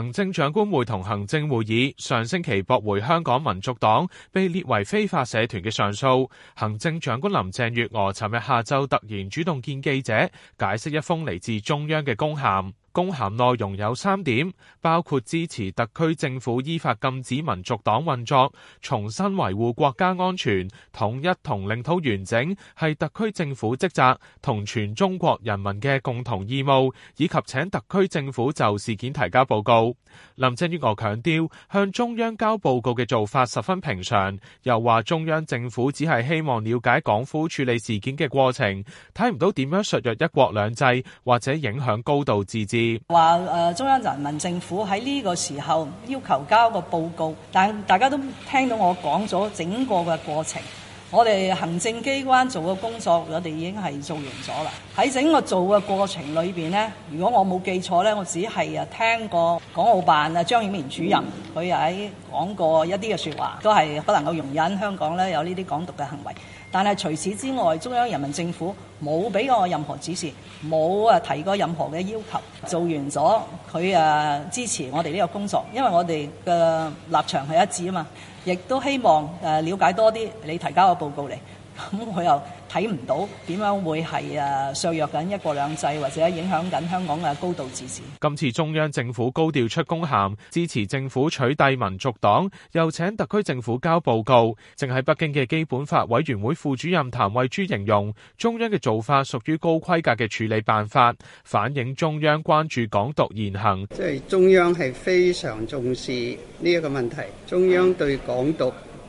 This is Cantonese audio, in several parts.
行政長官會同行政會議上星期駁回香港民族黨被列為非法社團嘅上訴。行政長官林鄭月娥尋日下晝突然主動見記者，解釋一封嚟自中央嘅公函。公函內容有三點，包括支持特區政府依法禁止民族黨運作，重新維護國家安全、統一同領土完整係特區政府職責同全中國人民嘅共同義務，以及請特區政府就事件提交報告。林鄭月娥強調，向中央交報告嘅做法十分平常，又話中央政府只係希望了解港府處理事件嘅過程，睇唔到點樣削弱一國兩制或者影響高度自治。話誒，中央人民政府喺呢個時候要求交一個報告，但係大家都聽到我講咗整個嘅過程。我哋行政機關做嘅工作，我哋已經係做完咗啦。喺整個做嘅過程裏邊呢，如果我冇記錯呢，我只係啊聽過港澳辦啊張曉明主任佢喺講過一啲嘅説話，都係不能夠容忍香港呢有呢啲港獨嘅行為。但係除此之外，中央人民政府冇俾我任何指示，冇啊提過任何嘅要求。做完咗，佢啊支持我哋呢個工作，因為我哋嘅立場係一致啊嘛。亦都希望誒了解多啲，你提交個報告嚟。咁我又睇唔到點樣會係誒削弱緊一國兩制，或者影響緊香港嘅高度自治。今次中央政府高調出公函支持政府取締民族黨，又請特區政府交報告，正喺北京嘅基本法委員會副主任譚惠珠形容，中央嘅做法屬於高規格嘅處理辦法，反映中央關注港獨言行。即係中央係非常重視呢一個問題，中央對港獨。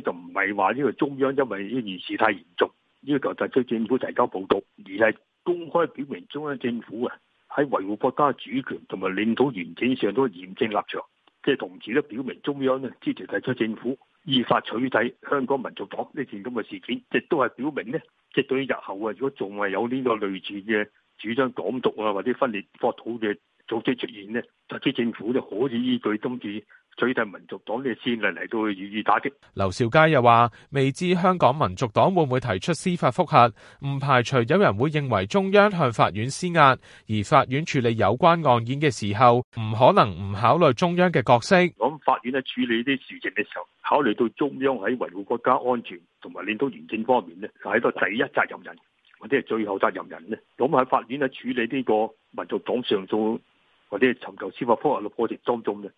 就唔係話呢個中央，因為呢件事太嚴重，要求特區政府提交報告，而係公開表明中央政府啊，喺維護國家主權同埋領土完整上都嚴正立場，即係同時都表明中央咧支持特區政府依法取締香港民族黨呢件咁嘅事件，亦都係表明呢，即係對於日後啊，如果仲係有呢個類似嘅主張港獨啊或者分裂國土嘅。組織出現呢，特區政府就可以依據今次取締民族黨嘅先例嚟到予以打擊。劉兆佳又話，未知香港民族黨會唔會提出司法覆核，唔排除有人會認為中央向法院施壓，而法院處理有關案件嘅時候，唔可能唔考慮中央嘅角色。咁法院喺處理呢啲事情嘅時候，考慮到中央喺維護國家安全同埋領到廉政方面咧，係個第一責任人或者係最後責任人咧。咁喺法院喺處理呢個民族黨上訴。或者尋求司法覆核嘅過程當中呢，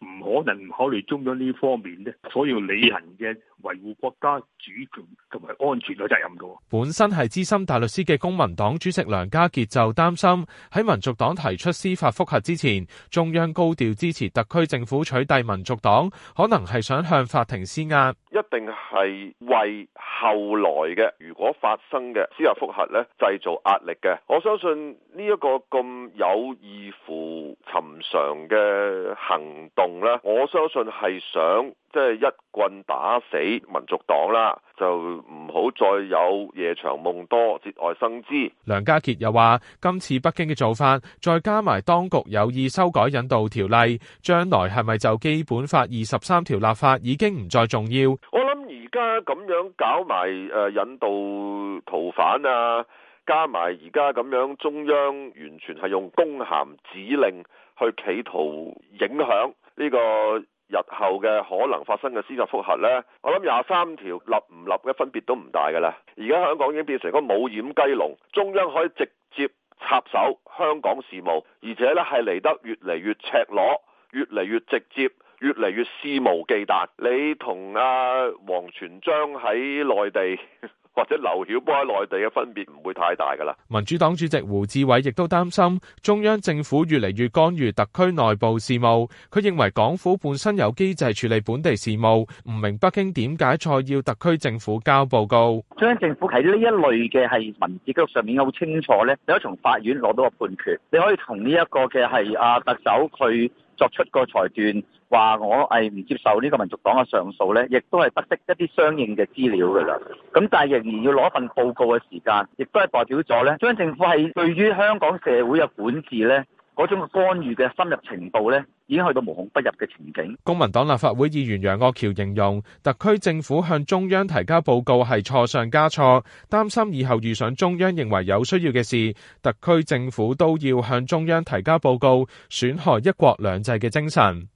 唔可能唔考慮中央呢方面呢，所要履行嘅維護國家主權同埋安全嘅責任嘅。本身係資深大律師嘅公民黨主席梁家傑就擔心，喺民族黨提出司法覆核之前，中央高調支持特區政府取締民族黨，可能係想向法庭施壓。一定係為後來嘅如果發生嘅司法覆核呢，製造壓力嘅，我相信呢一個咁有意乎尋常嘅行動呢，我相信係想。即係一棍打死民族黨啦，就唔好再有夜長夢多、節外生枝。梁家傑又話：今次北京嘅做法，再加埋當局有意修改引渡條例，將來係咪就《基本法》二十三條立法已經唔再重要？我諗而家咁樣搞埋，誒引渡逃犯啊，加埋而家咁樣中央完全係用公函指令去企圖影響呢個。日後嘅可能發生嘅司法覆核呢，我諗廿三條立唔立嘅分別都唔大㗎喇。而家香港已經變成一個冇掩雞籠，中央可以直接插手香港事務，而且呢係嚟得越嚟越赤裸、越嚟越直接、越嚟越肆無忌憚。你同阿王全璋喺內地， 或者劉曉波喺內地嘅分別唔會太大噶啦民主黨主席胡志偉亦都擔心中央政府越嚟越干預特區內部事務。佢認為港府本身有機制處理本地事務，唔明北京點解再要特區政府交報告。中央政府喺呢一類嘅係文字局上面好清楚咧，你可以從法院攞到個判決，你可以同呢一個嘅係阿特首佢。作出個裁斷，話我係唔接受呢個民族黨嘅上訴咧，亦都係得悉一啲相應嘅資料噶啦。咁但係仍然要攞份報告嘅時間，亦都係代表咗咧，中央政府係對於香港社會嘅管治咧，嗰種干預嘅深入程度呢，已經去到無孔不入嘅情景。公民黨立法會議員楊岳橋形容，特區政府向中央提交報告係錯上加錯，擔心以後遇上中央認為有需要嘅事，特區政府都要向中央提交報告，損害一國兩制嘅精神。